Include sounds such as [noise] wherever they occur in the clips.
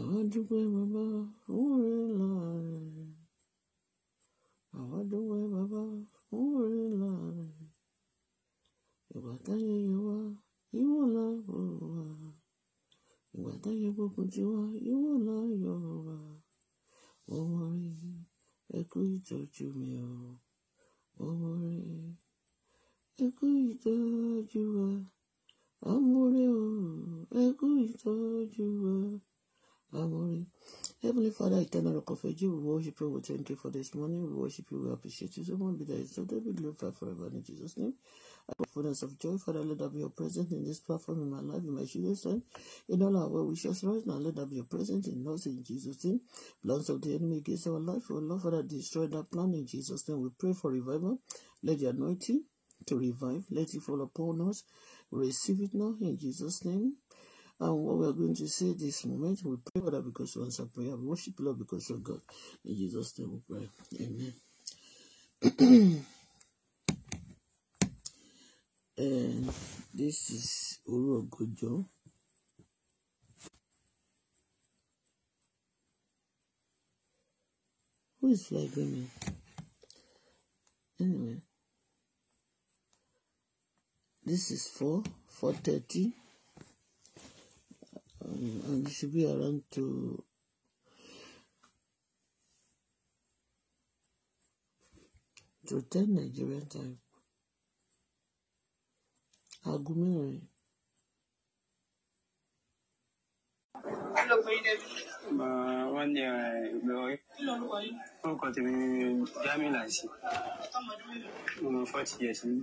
àwa dúpẹ́ bàbá fún oore ńlá rẹ̀. àwa dúpẹ́ bàbá fún oore ńlá rẹ̀. ìgbà táyé yọ wá ìwọ là bò wá. ìgbà táyé gbógun ti wá ìwọ là yọ wá. ọmọ rẹ̀ ẹ kú ìtọ́jú mi o. ọmọ rẹ̀ ẹ kú ìtọ́jú wa. àmúrẹ́ o ẹ kú ìtọ́jú wa. Amen. Heavenly Father, eternal rock of ages, we worship you, we thank you for this morning, we worship you, we appreciate you so much, be there. that exalted, be glorified forever in Jesus' name. I fullness of joy, Father, let that be your presence in this platform, in my life, in my children's life, in all our well wishes right now, let that be your presence in us, in Jesus' name. Plans of the enemy against our life, oh Lord, Father, destroy that plan in Jesus' name. We pray for revival, let the anointing to revive, let it fall upon us, receive it now in Jesus' name. And what we are going to say this moment, we pray for that because you answer prayer. We worship Lord because of God. In Jesus' name we pray. Amen. [clears throat] and this is Oro Gojo. Who is flagging me? Anyway, this is 4 430 um, and it should be around to to ten Nigerian time aago mẹ́rin. kí ló pe ilé bí. wọ́n ní eh, ìgbẹ́ orí. kí ló ló wọlé. orúkọ years ni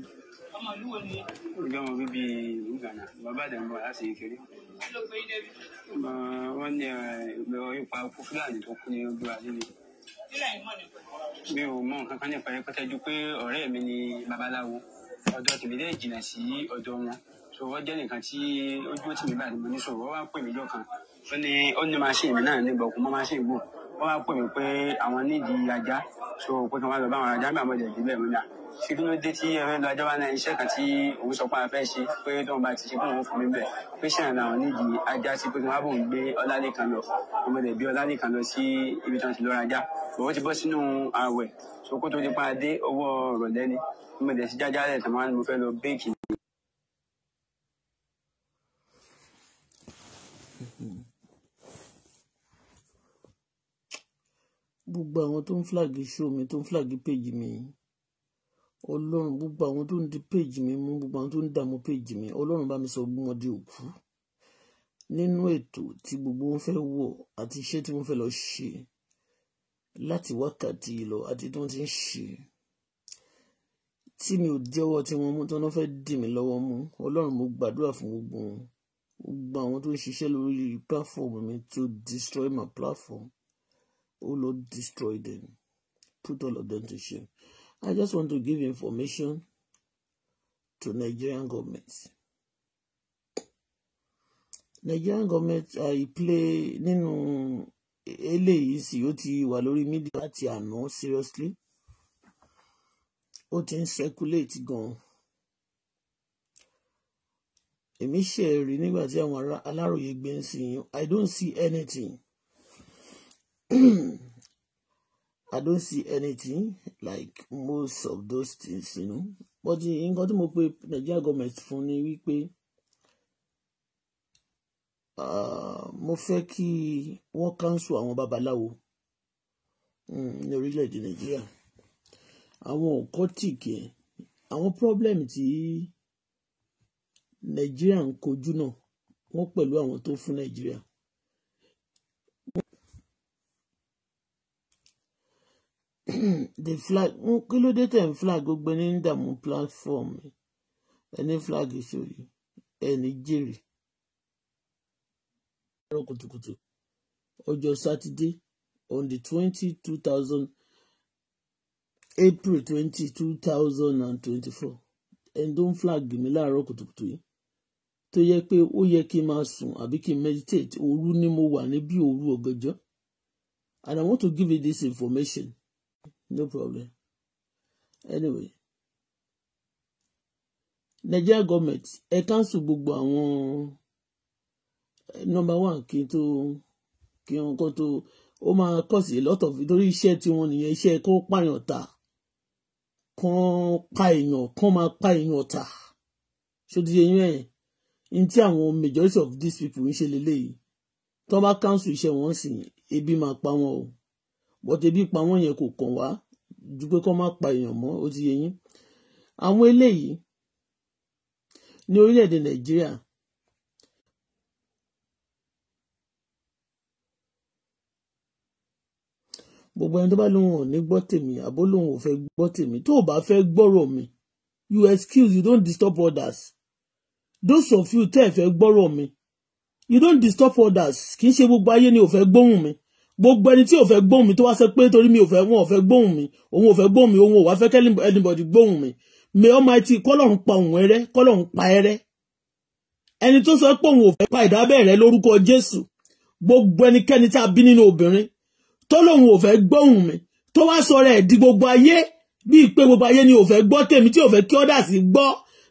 gama bi ngana baba da mba asa ikere ma wani be oyin pa ku Fúlàní tó kú ní ojú ayé ni mi ò mọ nǹkan kan nípa ẹ pẹtẹ ju pé ọ̀rẹ́ mi ni babaláwo ọ̀dọ̀ tèmi dẹ jìnnà sí ọ̀dọ̀ wọn so wọn jẹ nìkan tí ojú ó tì mí báyìí mo ní sọ̀rọ̀ wọn wá pè mí lọ́kàn ó ní ó ní machine mi náà níbọ kó mọ machine gbò wọn wá pè mí pé àwọn nídìí ajá so pé kí wọn lọ bá àwọn ajá mi àwọn ọdẹ ìdílé mi náà kí ló dé tí ẹ fẹ́ gba ìjọba náà iṣẹ́ kan tí òun sọ pé a fẹ́ ṣe pé tó ń bá ti ṣe kí òun fún mi bẹ̀ pé ṣẹ̀yìn làwọn nídìí ajá sí pé kí wọ́n bò ń gbé ọlálẹ́kan lọ ọmọ rẹ̀ bí ọlálẹ́kan lọ sí ibi tí wọ́n ti lọ rajá òun ti bọ́ sínú ààwẹ̀ sókó tó ti pa dé owó rọ̀lẹ́ ni ọmọ rẹ̀ sí jájá rẹ̀ tàmá ni mo fẹ́ lọ bẹ́ẹ̀kì. gbogbo àwọn tó ń flagi show mi tó ń flagi page mi ọlọ́run gbogbo àwọn tó ń di péjì mi mú gbogbo àwọn tó ń dààmú péjì mi ọlọ́run bá mi sọ gbogbo wọn di òkú nínú ètò tí gbogbo wọn fẹ́ wọ̀ àti iṣẹ́ tí wọ́n fẹ́ lọ ṣe láti wákàtí lọ àti tí wọ́n ti ń ṣe tí mi ò jẹ́wọ́ tí wọ́n mú tí wọ́n fẹ́ dì mí lọ́wọ́ mú ọlọ́run mo gbàdúrà fún gbogbo wọn gbogbo àwọn tó ń ṣiṣẹ́ lórí platform mi to destroy my platform ó lọ destroy them put all of them to shame. I just want to give information to Nigerian government. Nigerian government I play nínú eléyìí sì ó Walori, media, lórí seriously ó ti ń circulate gan-an èmi ṣe rí nígbà tí àwọn aláròye gbé I don't see anything [clears throat] I don't see anything like most of those things you know but nǹkan tí mo pe Nigeria government fún ni wípé ah, mo fẹ́ kí wọ́n cancel àwọn babaláwo hmm, ní orílẹ̀-èdè Nàìjíríà àwọn occultic yẹn àwọn problem tí Nigeria ń kojú náà wọ́n pẹ̀lú àwọn tó fún Nàìjíríà [clears throat] the flag kí ló dé tẹ̀ ń flag gbogbo ẹni ń dààmú platform ẹni flag ṣòyí ẹni jèrè. ọ̀rọ̀ kùtùkùtù ọjọ́ sátidé on the twenty two thousand april twenty two thousand and twenty-four ẹni tó ń flag mi láàárọ̀ kùtùkùtù yìí tó yẹ pé ó yẹ kí n máa sùn àbí kí n meditate òru ni mo wà níbí òru ọ̀gànjọ́ and I want to give you this information no problem anyway Nigeria government ẹ káńsù gbogbo àwọn eh, number one kí n tó kí n kó tó ó máa kọ̀sì lọ́tọ̀ nítorí iṣẹ́ tí wọ́n nìyẹn iṣẹ́ kó pààyàn ta kán pa èèyàn kán máa pa èèyàn ta ṣòdì yẹn yẹn ní tí àwọn majority of these people ń ṣe lélẹ́yìí tó bá káńsù iṣẹ́ wọn sì ebi máa pa wọn o bọ́tẹ̀bí pa wọ́n yẹn kò kàn wá ju pé kọ́ má pa èèyàn mọ́ ó ti yé yín àwọn eléyìí ní orílẹ̀-èdè nàìjíríà gbogbo ẹni tó bá lóun ò ní gbọ́ tèmi àbó lóun ò fẹ́ gbọ́ tèmi tó o bá fẹ́ gbọ́rọ̀ mi you excuse you don't disturb others those of you tẹ́ ẹ fẹ́ gbọ́rọ̀ mi you don't disturb others kì í ṣe gbogbo ayé ni ò fẹ́ gbóhùn mi gbogbo ẹni tí ò fẹ́ gbóhùn mi tó wá sọ pé torí mi ò fẹ́ wọn ò fẹ́ gbóhùn mi òun ò fẹ́ gbóhùn mi òun ò wá fẹ́ kẹ́ anybody gbóhùn mi mi Almighty kọ́lọ́run pa òun ẹrẹ́ kọ́lọ́run pa ẹrẹ́ ẹni tó sọ pé òun ò fẹ́ pa ìdábẹ́ rẹ lórúkọ Jésù gbogbo ẹnikẹ́ni tá a bí nínú obìnrin tó lóun ò fẹ́ gbóhùn mi tó wá sọ rẹ̀ di gbogbo ayé bíi pé gbogbo ayé ni ò fẹ́ gbọ́ tèmi tí ò fẹ́ kí ọ́dà sí gbọ́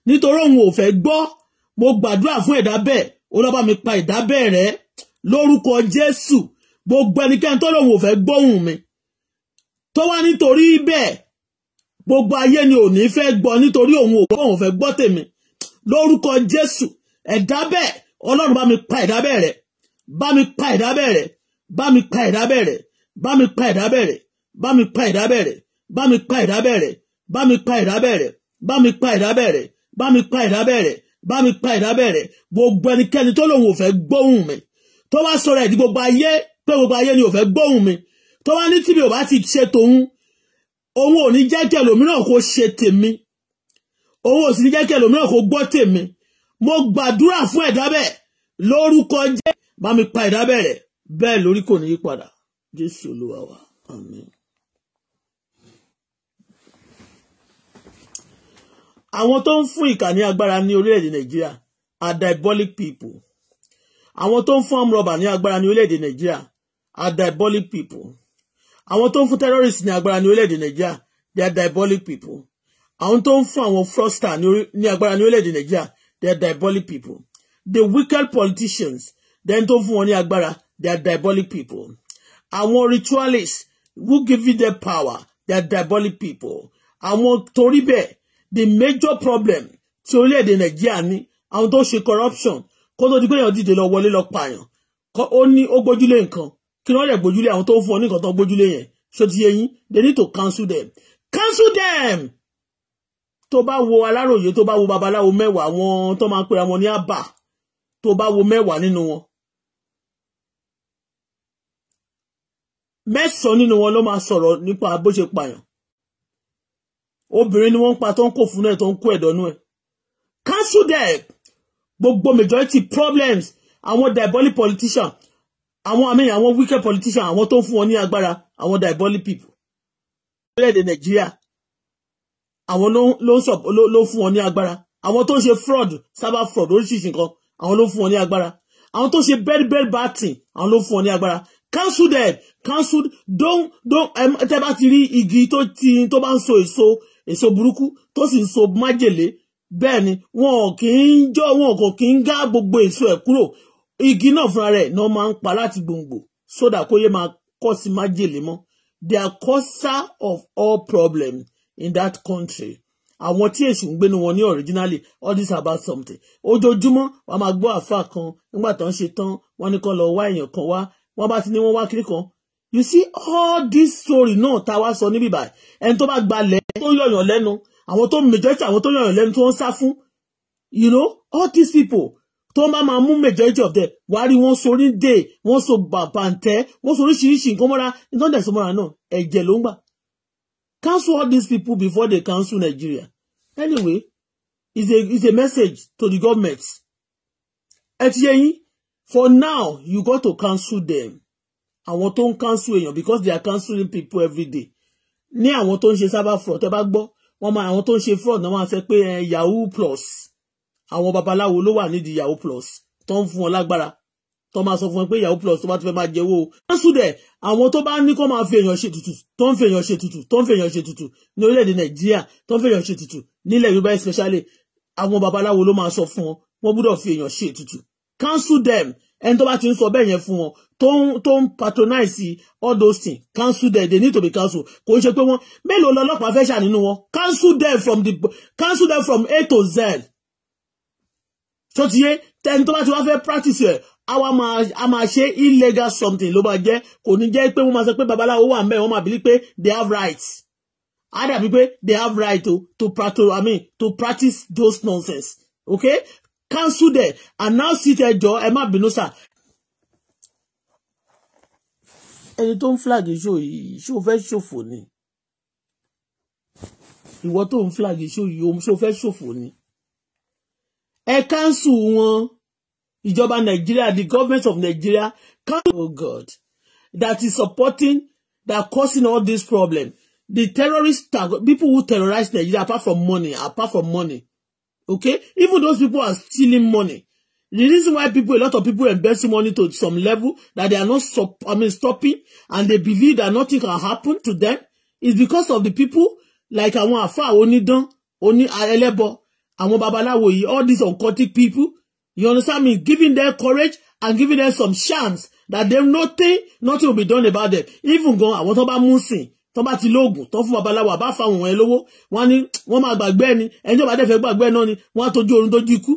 nítorí òun ò fẹ́ gbọ́ mo gbàdúrà fún ẹ̀dá bẹ́ẹ̀ ó bá mi pa ìdábẹ́ lórúkọ Jésù gbogbo ẹnikẹ́ni tó lòun ò fẹ́ gbóhùn mi tó wá nítorí bẹ́ẹ̀ gbogbo ayé ni ò ní fẹ́ gbọ́ nítorí òun ò gbóhùn fẹ́ gbọ́ tèmi lórúkọ Jésù ẹ̀dá bẹ́ẹ̀ Ọlọ́run bá mi pa ẹ̀dá bẹ́ẹ̀ rẹ́ bá mi pa ẹ̀dá bẹ́ẹ̀ rẹ́ bá mi pa ẹ̀dá bẹ́ẹ̀ rẹ́ bá mi pa ẹ̀dá bẹ́ẹ̀ rẹ́ bá mi pa ẹ̀dá bẹ́ẹ̀ rẹ́ bá mi pa ẹ̀dá bẹ́ẹ̀ rẹ́ bá mi pa ẹ̀dá bẹ́ẹ̀ bá mi pa ẹ̀dá bẹ́ẹ̀ bá mi pa ẹ̀dá bẹ́ẹ̀ bá mi pa ẹ̀dá bẹ́ẹ̀ gbogbo ẹnikẹ́ni tó lòun ò fẹ́ gbóhùn mi tó wá sọ̀rọ̀ ẹ̀dí gbogbo ayé pé gbogbo ayé ni ò fẹ́ gbóhùn mi tó wá ní tí ò bá ti ṣe tòun òun ò ní jẹ́ kí ẹlòmíràn kó ṣe tèmi òun ò sì ní jẹ́ kí ẹlòmíràn kó gbọ́ tèmi mo gbàdúrà fún ẹ̀dá lórúkọ jẹ́ bá mi pa ẹ̀dá rẹ̀ bẹ́ẹ̀ lórí kò ní yí padà jésù olúwa wa àwọn tó ń fún ìkà ní agbára ní orílẹ̀-èdè nàìjíríà are diabolic people àwọn tó ń fún ọmọrọ̀bà ní agbára ní orílẹ̀-èdè nàìjíríà are diabolic people àwọn tó ń fún terrorists ní agbára ní orílẹ̀-èdè nàìjíríà they are diabolic people àwọn tó ń fún àwọn fraudster ní agbára ní orílẹ̀-èdè nàìjíríà they are diabolic people the wicked politicians then tó ń fún wọn ní agbára they are diabolic people àwọn ritualists who give you their power they are diabolic people àwọn torí bẹ́ẹ̀ the major problem ti orílẹ̀-èdè nàìjíríà ní àwọn tó ṣe corruption kó tó di pé èèyàn dìde lọ wọlé lọ pààyàn ó ní ó gbójúlé nǹkan kí wọ́n lè gbójúlé àwọn tó ń fún ọ ní nǹkan tó ń gbójúlé yẹn ṣó ti yé they need to cancel them cancel them tó bá wo aláròye tó bá wo babaláwo mẹ́wàá wọn tó máa ń pera wọn ní àbà tó bá wo mẹ́wàá nínú wọn mẹ́sàn-án nínú wọn ló máa sọ̀rọ̀ nípa bó ṣe pààyàn obìnrin ni wọ́n ń pa tó ń kó fún náà tó ń kó ẹ̀dọ́nú ẹ̀ cancel them gbogbo majority problems àwọn diabolic politicians àwọn amẹ́yìn àwọn wicked politician àwọn tó ń fún wọn ní agbára àwọn diabolic people orílẹ̀-èdè nàìjíríà àwọn ló ń ló fún wọn ní agbára àwọn tó ń ṣe fraud cyber fraud oríṣiríṣi nǹkan àwọn ló fún wọn ní agbára àwọn tó ń ṣe bed bed batting àwọn ló fún wọn ní agbára cancel them cancel don don tẹ bá ti rí igi tó ti tó bá ń so èso èso burúkú tó sì ń so májèlé bẹ́ẹ̀ ni wọn kì í jọ wọn kò kì í gá gbogbo èso ẹ̀ kúrò igi náà fúnra rẹ̀ náà máa ń pa láti gbòǹgbò sódà kó yẹ máa kọ́ sí májèlé mọ́ they causer of all problems in that country àwọn tí èṣù ń gbénu wọn ní originally all this about something ojoojúmọ́ wàá máa gbọ́ àfa kan nígbà tó ń ṣe tán wọ́n ní kó lọ wá èèyàn kan wá wọ́n bá ti ní wọ́n wá kiri kan you see all this story náà tá a wá sọ níbí báyìí ẹni tó bá gbalẹ̀ tó yọ̀yàn lẹ́nu àwọn tó majority àwọn tó yọ̀yàn lẹ́nu tó ń sá fún you know all these people tó bá máa mú majority of them wàá rí wọn so ní dè wọn so bàbàǹtẹ wọn so oríṣiríṣi nǹkan mọ́ra nítorí ẹ̀sùn mọ́ra náà ẹ̀jẹ̀ ló ń gbà cancel all these people before they cancel Nigeria anyway it's a it's a message to the government ẹ ti yẹ yín for now you got to cancel them àwọn tó ń cancel èèyàn because they are cancelling people every day ní àwọn tó ń ṣe cyber fraud ẹ bá gbọ́ wọ́n máa àwọn tó ń ṣe fraud náà wọ́n á sọ pé eh, yahoo plus àwọn babaláwo ló wà nídìí yahoo plus tó ń fún wọn lágbára tó máa sọ fún wọn pé yahoo plus tó bá ti fẹ́ máa jẹ́wọ́ o. lọ́sùdẹ̀ àwọn tó bá ní kó máa fi èèyàn ṣe tutù tó ń fi èèyàn ṣe tutù tó ń fi èèyàn ṣe tutù ní orílẹ̀-èdè nàìjíríà tó ń fi èèyàn ṣe tutù nílẹ̀ yorùbá especially àwọn babaláwo ló máa sọ fún wọn wọ́n gbọ́dọ̀ fi èèyàn ṣe tutù cancel them ẹni tó bá ti ń sọ bẹ́ẹ̀ yẹn fún wọn tó ń patronize all those things cancel them they need to be cancelled kò ń ṣe pé wọ́n mélòó lọ́lọ́pàá fẹ́ ṣà So ti yé tẹni tó bá ti wá fẹ́ practice ẹ̀ àwa a máa ṣe illegal something ló bá jẹ́ kò ní jẹ́ pé wọ́n máa sọ pé babaláwo wà mẹ́rin wọ́n máa bìlí pé they have rights á dàbí pé they have right to to practice I mean to practice those nonsense okay cancel there and now sit ẹ jọ ẹ má bínú sir. ẹni tó ń flag show yìí ṣó fẹ́ ṣòfò ni ìwọ tó ń flag show yìí ṣó fẹ́ ṣòfò ni ẹ káńsù wọn ìjọba Nigeria the government of Nigeria council of oh, God that is supporting that causing all this problem the terrorist people who terrorize Nigeria apart from money apart from money okay even those people are stealing money the reason why people a lot of people investing money to some level that they are not stop, I mean stopping and they believe that nothing can happen to them is because of the people like àwọn àfáà onídán oní ẹlẹ́bọ àwọn babaláwo yìí all these occultic people you understand me giving them courage and giving them some chance that them nothing nothing will be done about them even gan àwọn tó bá mú sìn tó bá ti lóògùn tó fún babaláwo àbá fáwọn ẹ lówó wọn ni wọn máa gbàgbé ẹni ẹni tó bá dẹ̀ fẹ́ gbàgbé ẹ náà ni wọn á tọ́jú orun dójú ikú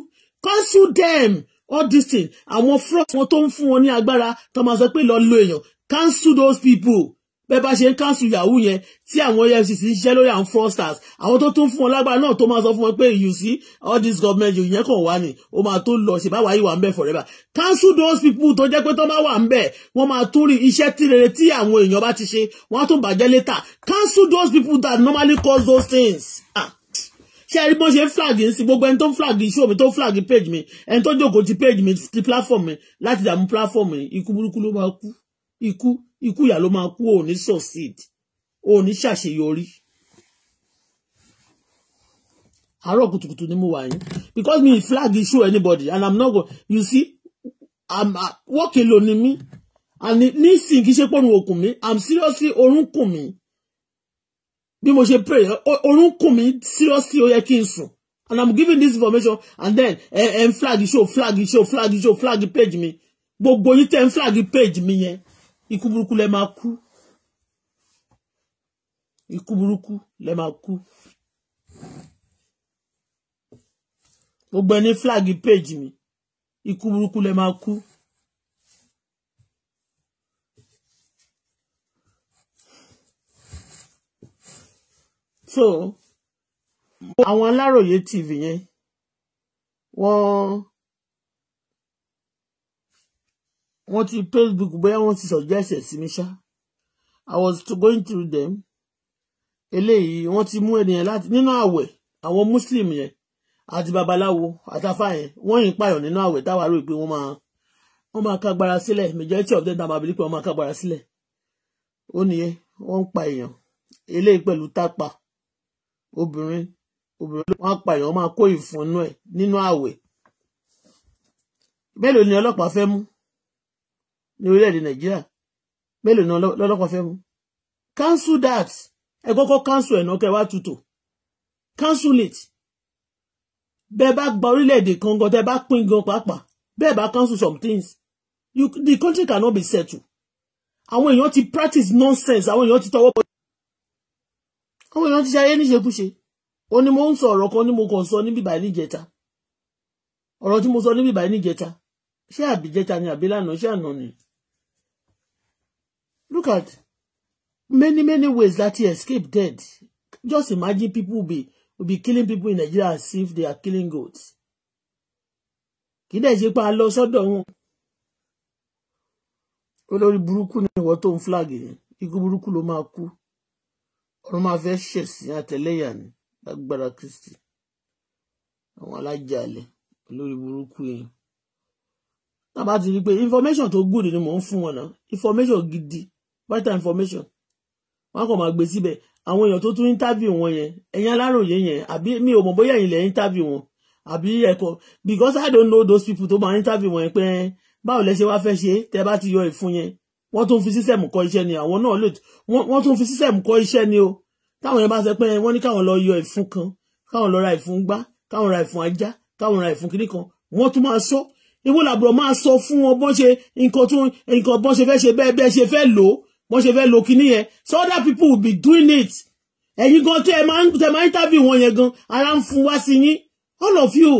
cancel them all these things, àwọn fraud wọn tó ń fún wọn ní agbára tó máa sọ pé lọ lo èèyàn cancel those people bẹ́ẹ̀ bá ṣe káńsù yahoo yẹn tí àwọn efcc ń ṣiṣẹ́ lórí àwọn fraudsters àwọn tó tún fún wọn lágbára náà tó máa sọ fún wọn pé you see all this government yìí yẹn kàn wá ni ó máa tó lọ ṣe báwa yìí wà ń bẹ̀ forever cancel those people tó jẹ́ pé tó bá wà ń bẹ̀ wọ́n máa tún rí iṣẹ́ tí tí àwọn èèyàn bá ti ṣe wọ́n á tún bàjẹ́ later cancel those people that normally cause those things. Ah ṣe rí bó ṣe ń flag ń sin gbogbo ẹni tó flag show mi tó ń flag page mi ẹni tó jókòó ti page mi ti platform mi láti dààmú platform mi ikú burúkú ló máa kú ikú ikú ìyà ló máa kú ò ní succeed ò ní ṣàṣeyọrí àárọ̀ kùtùkùtù ni mo wà yín because me flag issue anybody and i'm not go you see i'm uh, work alone ni mi and nísìn kì í ṣe pọ̀nù òkun mi i'm seriously orun kùn mí bí mo ṣe pray orun kùn mí seriously ó yẹ kí n sùn and i'm giving this information and then ẹ eh, ẹ eh, flag issue flag issue flag issue flag page mi gbogbo yìí tẹ flag page mi yẹn ikú burúkú lẹ máa kú ikú burúkú lẹ máa kú gbogbo ẹni flag page mi ikú burúkú lẹ máa kú. so àwọn Aláròyé TV yẹn wọ́n. Well, wọ́n ti facebook bóyá wọ́n ti suggest ẹ̀ sí mi ṣá i was going through them eléyìí wọ́n ti mú ènìyàn láti nínú àwẹ̀ àwọn muslim yẹn àti babaláwo àtàfà yẹn wọ́n yìí pààyàn nínú àwẹ̀ táwa rò pé wọ́n máa wọ́n máa kágbára sílẹ̀ majority of them dàbàbí pé wọ́n máa kágbára sílẹ̀ ó nìyẹn wọ́n ń pa èèyàn eléyìí pẹ̀lú tápà obìnrin obìnrin ló wọ́n pa èèyàn wọ́n máa kó ìfúnnú ẹ̀ nínú àwẹ̀ mélòó ni ọlọ́pàá fẹ́ mú ní orílẹ̀-èdè nàìjíríà mélòó náà lọ́lọ́kọ̀ fẹ́ mu cancel that ẹ kọ́kọ́ cancel ẹ̀ náà kẹ́ wá tutù cancel it bẹ́ẹ̀ bá gba orílẹ̀-èdè kan gan tẹ́ bá pín gan pàápàá bẹ́ẹ̀ bá cancel some things you, the country cannot be settled àwọn èèyàn ti practice nonsense àwọn èèyàn ti tọwọ́ pọ̀ àwọn èèyàn ti ṣe ayé níṣekúṣe ó ní mo ń sọ ọ̀rọ̀ kan ní mo kàn sọ níbí báyìí níjẹta ọ̀rọ̀ tí mo sọ níbí báyìí níjẹta ṣé àbíjẹta ni àbí lánàá ṣé àná ni Look at many, many ways that he escaped death. Just imagine people will be, will be killing people in Nigeria as if they are killing goats. Kì í dẹ̀ ṣe pa lọ sọ́dọ̀ wọn. Olórí burúkú ni ìwọ tó ń fúláàgì yẹn. Ikú burúkú ló máa kú. Ọ̀run máa fẹ́ ṣẹ̀ sí àtẹ̀lẹ́yà ni lágbára Kristi. Àwọn alájàlẹ̀ olórí burúkú yẹn. Tá bá ti rí i pé information tó gùn ni mò ń fún wọn náà. Information gidi vital information wọn kàn máa gbé síbẹ̀ àwọn èèyàn tó tún interview wọn yẹn ẹ̀yin aláròye yẹn àbí mi ò mọ̀ bóyá ẹ̀yin lẹ interview wọn àbí ẹ̀kọ́ because i don't know those people tó máa interview wọn yẹn pé báwo lẹ ṣe wá fẹ́ ṣe tẹ́ bá ti yọ ìfun yẹn wọ́n tún fi system kọ́ iṣẹ́ ni àwọn náà lè wọ́n tún fi system kọ́ iṣẹ́ ni o táwọn yẹn bá sọ pé wọ́n ní káwọn lọ yọ ìfun kan káwọn lọ ra ìfun gbá káwọn ra ìfun ajá káwọn ra ìfun kiri kan wọ́n tún máa sọ ìwọ làbúrò máa sọ fún wọn bọ́n ṣe nǹkan tún nǹkan bọ́n ṣe fẹ́ ṣe bẹ́ẹ̀ bẹ́ẹ̀ ṣe fẹ́ lò wọ́n ṣe fẹ́ lo kinní yẹn so other people will be doing it ẹ̀yin gan tẹ́ ẹ máa ń tẹ́ máa ń interview wọn yẹn gan ara ń fún wá sí yín all of you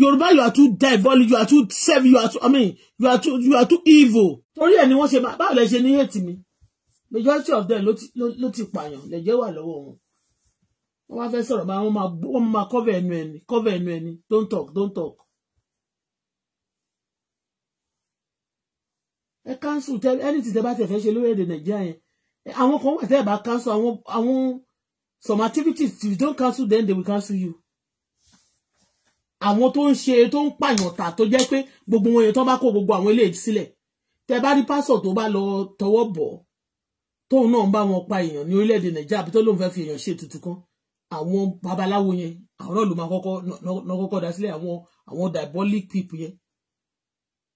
yorùbá you are too devil. you are too self you are too i mean you are too you are too evil. torí ẹ̀ ni wọ́n ṣe máa báwo lẹ ṣe ní hate mi majority of them ló ti pààyàn lẹ́jẹ̀ wà lọ́wọ́ wọn wọ́n wá fẹ́ sọ̀rọ̀ bá wọn máa cover ẹnu ẹni cover ẹnu ẹni don't talk don't talk ẹ cancel tẹ anything tẹ bá tẹ fẹ́ ṣe lórílẹ̀-èdè nàìjíríà yẹn àwọn kan wà tẹ ẹ bá cancel àwọn àwọn some activities if you don't cancel then they will cancel you àwọn tó ń ṣe tó ń pààyàn tà tó jẹ́ pé gbogbo wọn yẹn tó bá kó gbogbo àwọn eléyìí sílẹ̀ tẹ bá rí pásọ̀ tó bá lọ tọwọ́ bọ̀ tóun náà ń bá wọn pa èèyàn ní orílẹ̀-èdè nàìjíríà àbí tó lóun fẹ́ fi èèyàn ṣe ètùtù kan àwọn babaláwo yẹn àwọn náà ló máa kọ́kọ́ náà kọ́kọ́ dá sílẹ̀ àwọn àwọn diabolic people yẹn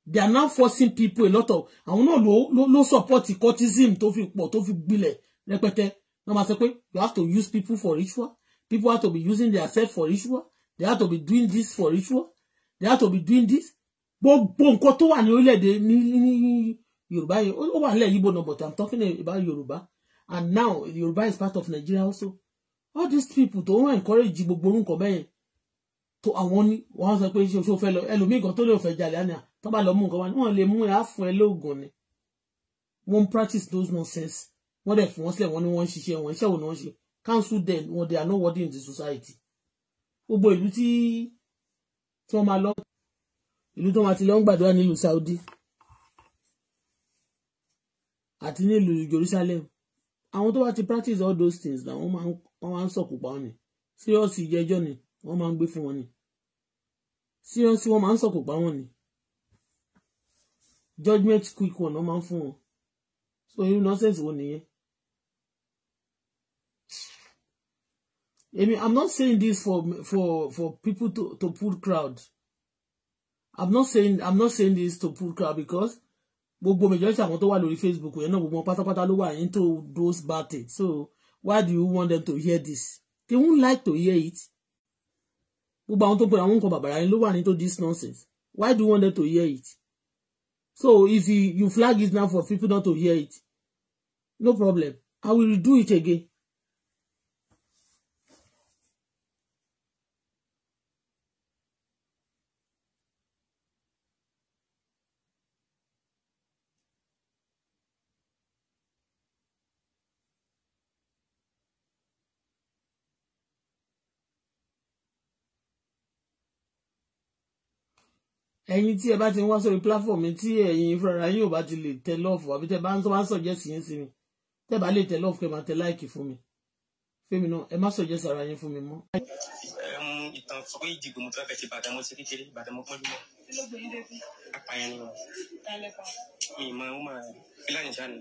they are now forcing people a lot of àwọn náà ló ló ló support cultism tó fi pọ̀ tó fi gbilẹ̀ rẹpẹtẹ wọ́n máa sọ pé you have to use people for ritual people have to be using their self for ritual they have to be doing this for ritual they have to be doing this gbogbo nǹkan tó wà ní orílẹ̀-èdè ní ní yorùbá yìí ó wà nílẹ̀ yíbo náà but i'm talking about yorùbá and now yorùbá is part of nigeria also all these people tó ń encourage gbogbo orúkọ bẹ́yẹn tó àwọn ní wọ́n sọ pé ṣe o fẹ́ lọ ẹlòmíì kan tó lè fẹ́ jalè àná tó bá lọ mú nǹkan wá ní wọ́n lè mú ẹ á fún ẹ lóògùn ni wọ́n practice those nonsense wọ́n dẹ̀ fún wọn sílẹ̀ wọ́n ní wọ́n ń ṣiṣẹ́ wọn iṣẹ́ wo ni wọ́n ṣe council them wọ́n they are not worthy in the society gbogbo ìlú tí tí wọ́n máa lọ ìlú tó máa ti lọ ń gbàdúrà nílùú Saudi àti nílùú Jerusalem àwọn tó bá ti practice all those things na wọ́n máa ń sọ̀kùpá wọn ni serious ìjẹ́jọ́ ni wọ́n máa ń gbé fún wọn ni seriously wọ́n máa ń sọ̀kò pa wọ́n ni judgement quick one máa ń fún wọn so irú nonsense wo nìyẹn. I mean, I'm not saying this for for for people to to pull crowd. I'm not saying I'm not saying this to pull crowd because gbogbo majority àwọn tó wà lórí Facebook yẹn náà gbogbo wọn pátápátá ló wà into those bad things so why do you want them to hear this? They won't like to hear it gbogbo àwọn tó pe àwọn nǹkan bàbàrà yẹn ló wà ní tó this nonsense why do you want them to hear it so if you, you flag it now for people not to hear it no problem i will do it again ẹ̀yin tí ẹ bá ti ń wá sórí platform mi tí ẹ̀yin fúnra yín ò bá ti lè tẹ lọ́ọ̀fù àbí tẹ bá ń tó bá ń sọ̀jẹ́ sí yín sí mi tẹ bá lè tẹ lọ́ọ̀fù kẹ máa tẹ láìkì fún mi fẹ́mi náà ẹ má sọ̀jẹ́ sára yín fún mi mọ́. ìtàn sọ ìdìbò mo fẹ́ ti bàtà mo ṣe kékeré bàtà mo pọ́n jùlọ. apààyàn ni wọn. mi máa ń máa fílàní ṣáà ni.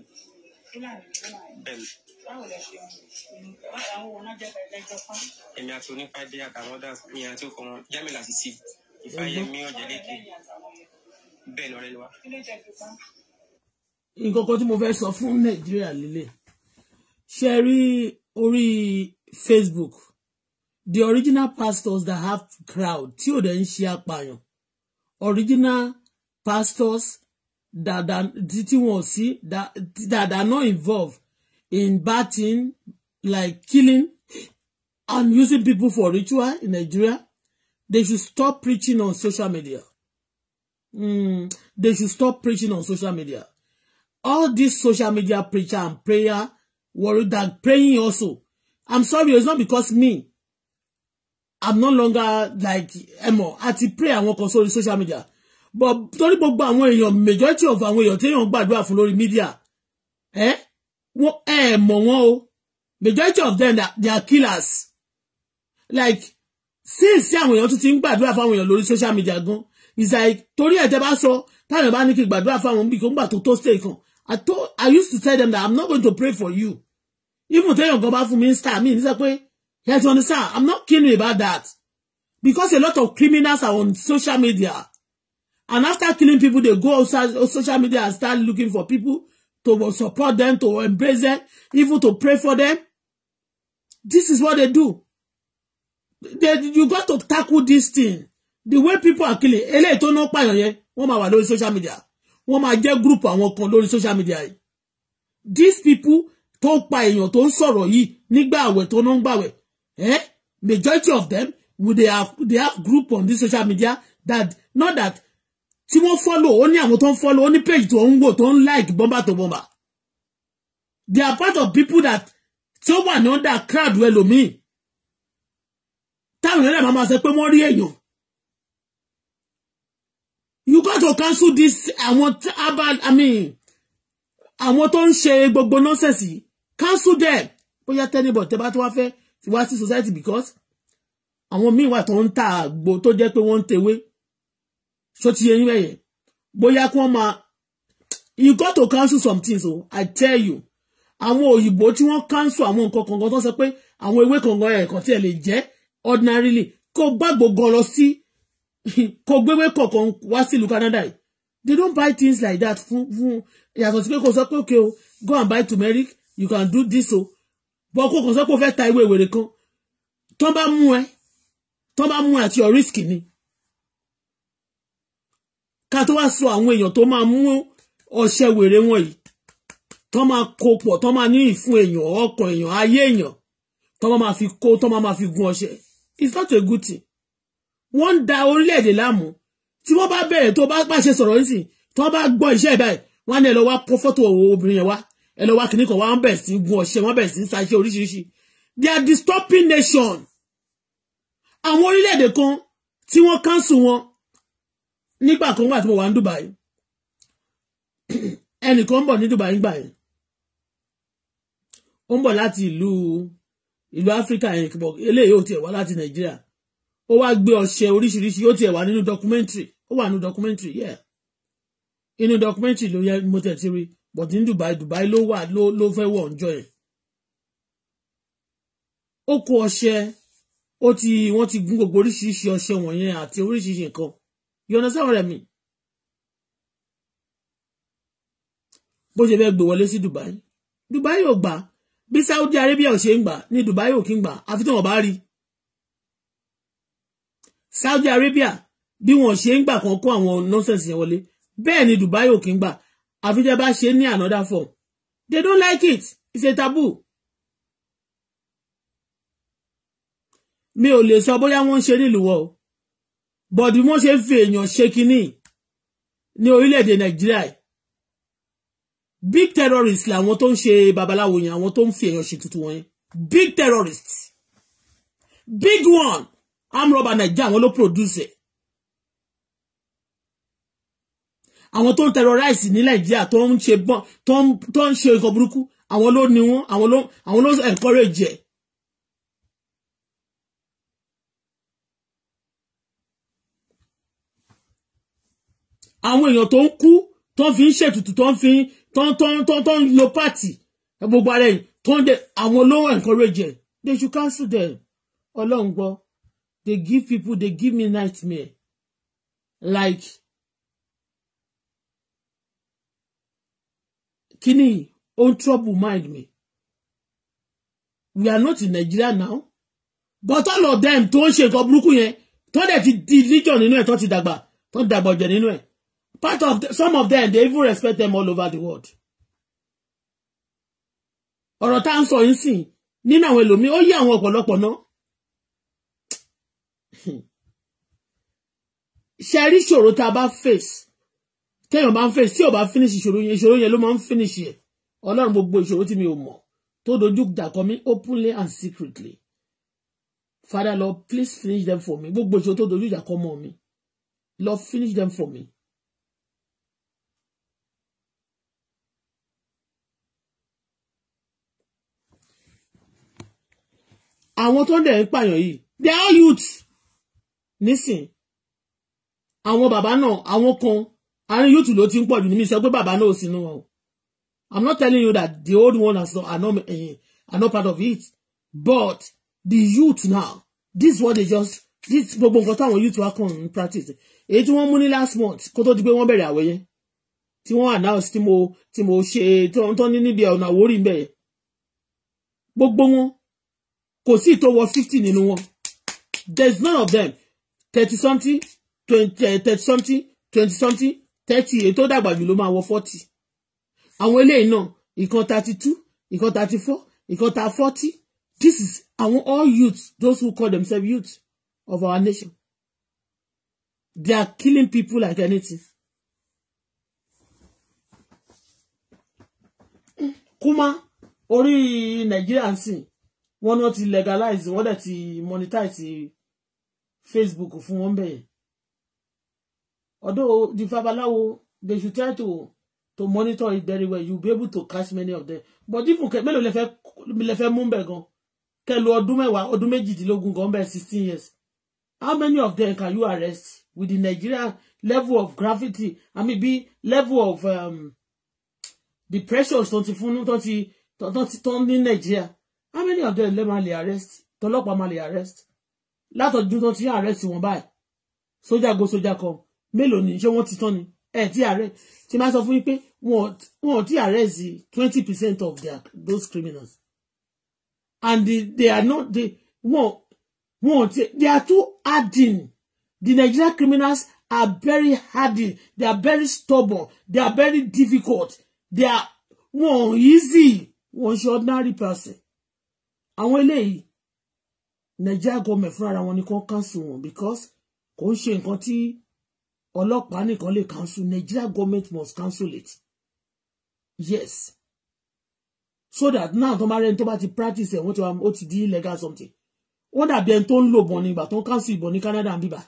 báwo lẹ ṣe àwọn òun náà jẹ́ ẹ̀ẹ́dẹ́gbẹ̀fọ́n. èmi àti onípàdé àtàwọn ọ̀dà mi àti ọkọ̀ wọn jámìlà sì sí ìfàyẹmí ọjọlẹkẹ bẹ́ẹ̀ lọrẹ lọ wa. nǹkan tí mo fẹ́ sọ fún nàìjíríà lélẹ̀ ṣe rí orí facebook the original pastors that have crowd tí ò dẹ̀ ń ṣe apààyàn original pastors tí wọ́n sí that are not involved in bad like killing and using people for ritual in Nigeria They should stop preaching on social media. Mm, they should stop preaching on social media. All this social media preacher and prayer, worry that praying also. I'm sorry, it's not because me. I'm no longer like Emo. Àti pray and work on social media. But torí gbogbo when your majority of them when you're taking téèyàn gbàdúrà fún lórí media. Eh? What? Eh? Momo. Majority of them they are killers. Like since àwọn èèyàn tún ti ń gbàdúrà fáwọn èèyàn lórí social media gan is like torí ẹ̀ tẹ́ bá sọ táwọn bá ní kí gbàdúrà fáwọn bí kò ń gbà tó tó stay kan I told I used to tell them that I'm not going to pray for you even téèyàn gan bá fún mi ń star mi níṣẹ́ pé yẹ ti understand I'm not kidding about that because a lot of criminals are on social media and after killing people they go outside social media and start looking for people to support them to embrace them even to pray for them this is what they do they, you got to tackle this thing the way people are killing eléyìí tó ná pààyàn yẹn wọ́n máa wà lórí social media wọ́n máa jẹ́ group àwọn kan lórí social media yìí these people tó pa èèyàn tó ń sọ̀rọ̀ yìí nígbà àwẹ̀ tó ná ń gbàwẹ̀ eh majority of them will they have they have group on this social media that not that tí wọ́n follow ó ní àwọn tó ń follow ó ní page tó ń wò tó ń like bomba. tó bọ́mbà they are part of people that tí ó wà ní under crowd ẹlòmíì táwọn èèyàn máa sọ pé wọ́n rí èèyàn you got to cancel this àwọn abal i mean àwọn tó ń ṣe gbogbo nonsense yìí cancel them bóyá tẹ́nibọ̀ tẹ́ bá tó wá fẹ́ ti wá sí society because àwọn míì wà tó ń ta àgbo tó jẹ́ pé wọ́n ń tewé so ti yẹ yín bẹ́yẹ bóyá kí wọ́n máa you got to cancel some things o i tell you àwọn òyìnbó tí wọ́n cancel àwọn nǹkan kankan tó sọ pé àwọn ewé kankan ẹ̀ẹ̀kan tí ẹ lè jẹ́ ordinarily kó bá gbogbo lọ sí [laughs] kó gbéwé kọ̀ọ̀kan wá sílùú Canada they don't buy things like that fún fún yàtọ̀ sí pé kò sọ pé okay go and buy turmeric you can do this o bọ́ kó kò sọ pé o fẹ́ ta ìwé ìwèrè kan tán bá mú ẹ tán bá mú ẹ àti your risk ni ká tó wá sọ àwọn èèyàn ma máa mú ọṣẹ wèrè wọn yìí tán máa kó pọ̀ tán máa ní ìfún èèyàn ọkàn èèyàn ayé èèyàn tán máa fi kó tán ma fi gun ọṣẹ it's not a good thing wọ́n ń da orílẹ̀-èdè láàmú tí wọ́n bá bẹ̀rẹ̀ tó bá pàṣẹ sọ̀rọ̀ nísìn tí wọ́n bá gbọ́ iṣẹ́ ẹ̀ báyìí wọ́n á ní ẹ lọ wá fọ́tò obìnrin yẹn wá ẹ lọ wá kìnnì kan wá ń bẹ̀rẹ̀ sí gun ọ̀ṣẹ́ wọ́n bẹ̀rẹ̀ sí ń ṣàṣẹ oríṣiríṣi they are disturbing nation àwọn orílẹ̀-èdè kan tí wọ́n kánsù wọn nígbà kan wà tí mo wà ní Dubai ẹnìkan ń bọ̀ ní Dubai ń gbà yẹn ó ń bọ̀ láti ìlú ìlú áfíríkà yẹn kìbọ eléyìí ó tiẹ̀ wá láti nàìjíríà ó wá gbé ọṣẹ oríṣiríṣi ó tiẹ̀ wá nínú documentary ó wà nínú documentary yeah inú documentary ló yẹ mo tẹ̀ rí but ní dubai dubai ló wà ló ló fẹ́ wọ̀ ọjọ́ yẹn ó kó ọṣẹ ó ti wọ́n ti gún gbogbo oríṣiríṣi ọṣẹ wọ̀nyẹn àti oríṣiríṣi nǹkan you understand what I bó ṣe fẹ́ gbé wọlé sí dubai dubai yóò gbà á bí Saudi Arabia ò ṣe ń gbà ní Dubai ò kí ń gbà àfi tí wọn bá rí Saudi Arabia bí wọn ṣe ń gbà kan kó àwọn nonsense yẹn wọlé bẹ́ẹ̀ ni Dubai ò kí ń gbà àfi tí wọn bá ṣe ní another form they don't like it it's a taboo. mi ò lè sọ bóyá wọ́n ń ṣe nílùú wọ bọ̀dù wọ́n ṣe ń fi èèyàn ṣe kínní ní orílẹ̀-èdè Nàìjíríà big terrorists làwọn tó ń ṣe babaláwo yẹn àwọn tó ń fi èèyàn ṣe tuntun wọn yẹn big terrorists big one amroba naija àwọn ló produce àwọn tó ń terrorize ní nàìjíríà tó ń ṣe bọn tó ń ṣe nǹkan burúkú àwọn ló ní wọn àwọn ló àwọn ló encourage ẹ. àwọn èèyàn tó ń kú tó ń fi ń ṣètùtù tó ń fi tọ́ntọ́ntọ́ntọ́ lo pàtì e gbogbo ara ẹ̀yìn tó ń dẹ̀ àwọn olówó encourage ẹ̀ they should cancel them ọlọ́run gbọ́ they give people they give me nightmare like kíní ó trouble mind me we are not in Nigeria now but all of them tó ń ṣe nǹkan burúkú yẹn tó dẹ̀ ti di religion nínú ẹ̀ tó ti dàgbà tó ti dàgbà ọ̀jẹ̀ nínú ẹ̀ Part of the, some of them, they even respect them all over the world. Ọ̀rọ̀ tá ń sọ yín sìn nínú àwọn ẹlòmíì, ó yí àwọn ọ̀pọ̀lọpọ̀ náà. Ṣé rí ìṣòro tá a face? Tell your man face, See about finish ìṣòro yẹn, ìṣòro yẹn ló máa ń finish ẹ̀. Ọlọ́run gbogbo ìṣòro tí mi ò mọ̀ tó dojú dàkọ mi openly and secretly. Father Lord, please finish them for me. Gbogbo ìṣòro tó dojú come on me. Lord, finish them for me. àwọn tó dẹ̀ ń pààyàn yìí they are youth nísìn àwọn bàbá náà àwọn kan àárín youth ló ti ń pọ̀ jù ní mi sọ pé bàbá náà ò sínú wọn i'm not telling you that the old one are not, uh, are not part of it but the youth now this what they just this gbogbo nǹkan táwọn youth wa kàn ń practice èyí tí wọ́n mú ní last month kó tó di pé wọ́n bẹ̀rẹ̀ àwẹ̀ yẹn tí wọ́n announce tí mo tí mo ṣe tó ní níbi ọ̀nà àwórì mbẹ̀ yẹn gbogbo wọn kò sí ìtò wọ fifty nínú wọn there is none of them thirty something eh, thirty something twenty something thirty èyí tó dàgbà jù ló máa wọ forty àwọn eléyìí náà ìkan thirty two ìkan thirty four ìkan ta forty this is àwọn all youths those who call themselves youths of our nation they are killing people like anything. Kuma orí Nàìjíríà ń sìn wọ́n náà ti legalize wọ́n dẹ̀ ti monetize Facebook fún wọn bẹ́ẹ̀ although the babaláwo they should try to to monitor it very well you be able to catch many of them but if nkẹ mélòó lè fẹ́ mú bẹ́ẹ̀ gan kẹlu ọdún mẹ́wàá ọdún méjìdínlógún gan bẹ́ẹ̀ sixteen years how many of them can you arrest with the Nigeria level of gravity i mean be level of um, the pressures tó ti fún tó ti tó ti tó ní Nigeria how many of them lè máa lè arrest tọlọ́pàá máa lè arrest látọ̀dún tó ti arrest wọn báyìí sójà go sójà kan mélòó ni ṣé wọ́n ti tán ni ẹ ti arrest ti máa sọ fún yín pé wọn ò ti arrest twenty percent of their those criminals and they, are not they wọn wọn ti they are too hardened the Nigerian criminals are very hardened they are very stubborn they are very difficult they are wọn easy wọn ṣe ordinary person àwọn eléyìí Nigeria government fúnra wọn ni kò cancel wọn because kò ń ṣe nǹkan tí ọlọ́pàá nìkan lè cancel Nigeria government must cancel it yes so that now tó bá rẹni tó bá ti practice ẹ̀ wọ́n ti wá ó ti di illegal something wọ́n dàbí ẹni tó ń lò bọ̀ nígbà tó ń cancel ìbọn ní Canada ń bíbà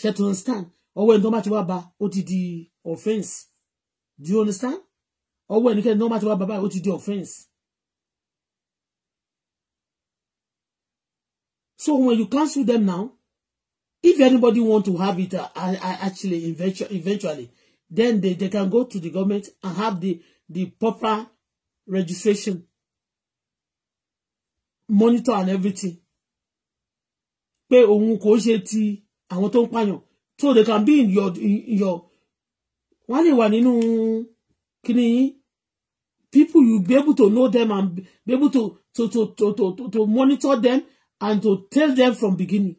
ṣe to understand ọwọ́ ẹni tó bá ti wá ba ó ti di offence do you understand ọwọ́ ẹnikẹ́ni tó bá ti wá ba báyìí ó ti di offence So when you cancel them now, if anybody want to have it I uh, actually eventually, then they, they can go to the government and have the, the proper registration, monitor and everything. Pé òun kò ṣe ti àwọn tó ń So they can be in your in your wọ́n lè wà nínú kíní yín people you be able to know them and be able to to to to to to, to monitor them and to tell them from beginning.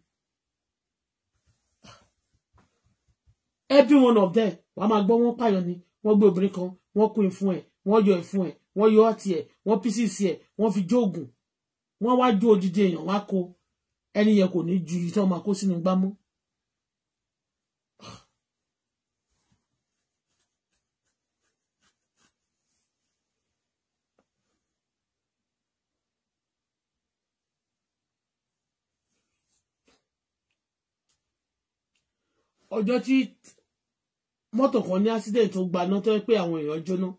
Every one of them, wàá máa gbọ́ wọ́n pààyàn ni, wọ́n gbé obìnrin kan, wọ́n kó ìfun ẹ̀, wọ́n yọ ìfun ẹ̀, wọ́n yọ ọtí ẹ̀, wọ́n písìsì ẹ̀, wọ́n fi jó oògùn, wọ́n wá jó odidi èèyàn wá kó ẹni yẹn kò ní ju ìtàn máa kó sínú ọjọ́ tí mọ́tò kan ní accident tó gbaná tó pé àwọn èèyàn jóná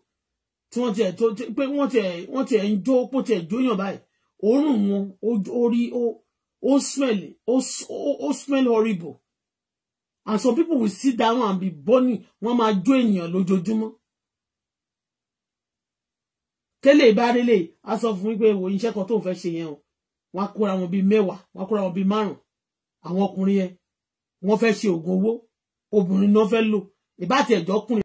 tí wọ́n tiẹ̀ tó pé wọ́n tiẹ̀ wọ́n tiẹ̀ ń jó pò tiẹ̀ jóyàn báyìí òórùn wọn orí ó smell ó smell horrible and some people will sit down and be burning wọ́n máa jó ènìyàn lójoojúmọ́ tẹ́lẹ̀ ìbárẹ́lẹ̀ a sọ fún wípé wo iṣẹ́ kan tó ń fẹ́ ṣe yẹn o wọ́n á kóra wọn bíi mẹ́wàá wọ́n á kóra wọn bíi márùn-ún àwọn ọkùnrin yẹn wọ́n fẹ́ ṣe oògùn owó obìnrin ni wọ́n fẹ́ lò ìbá ti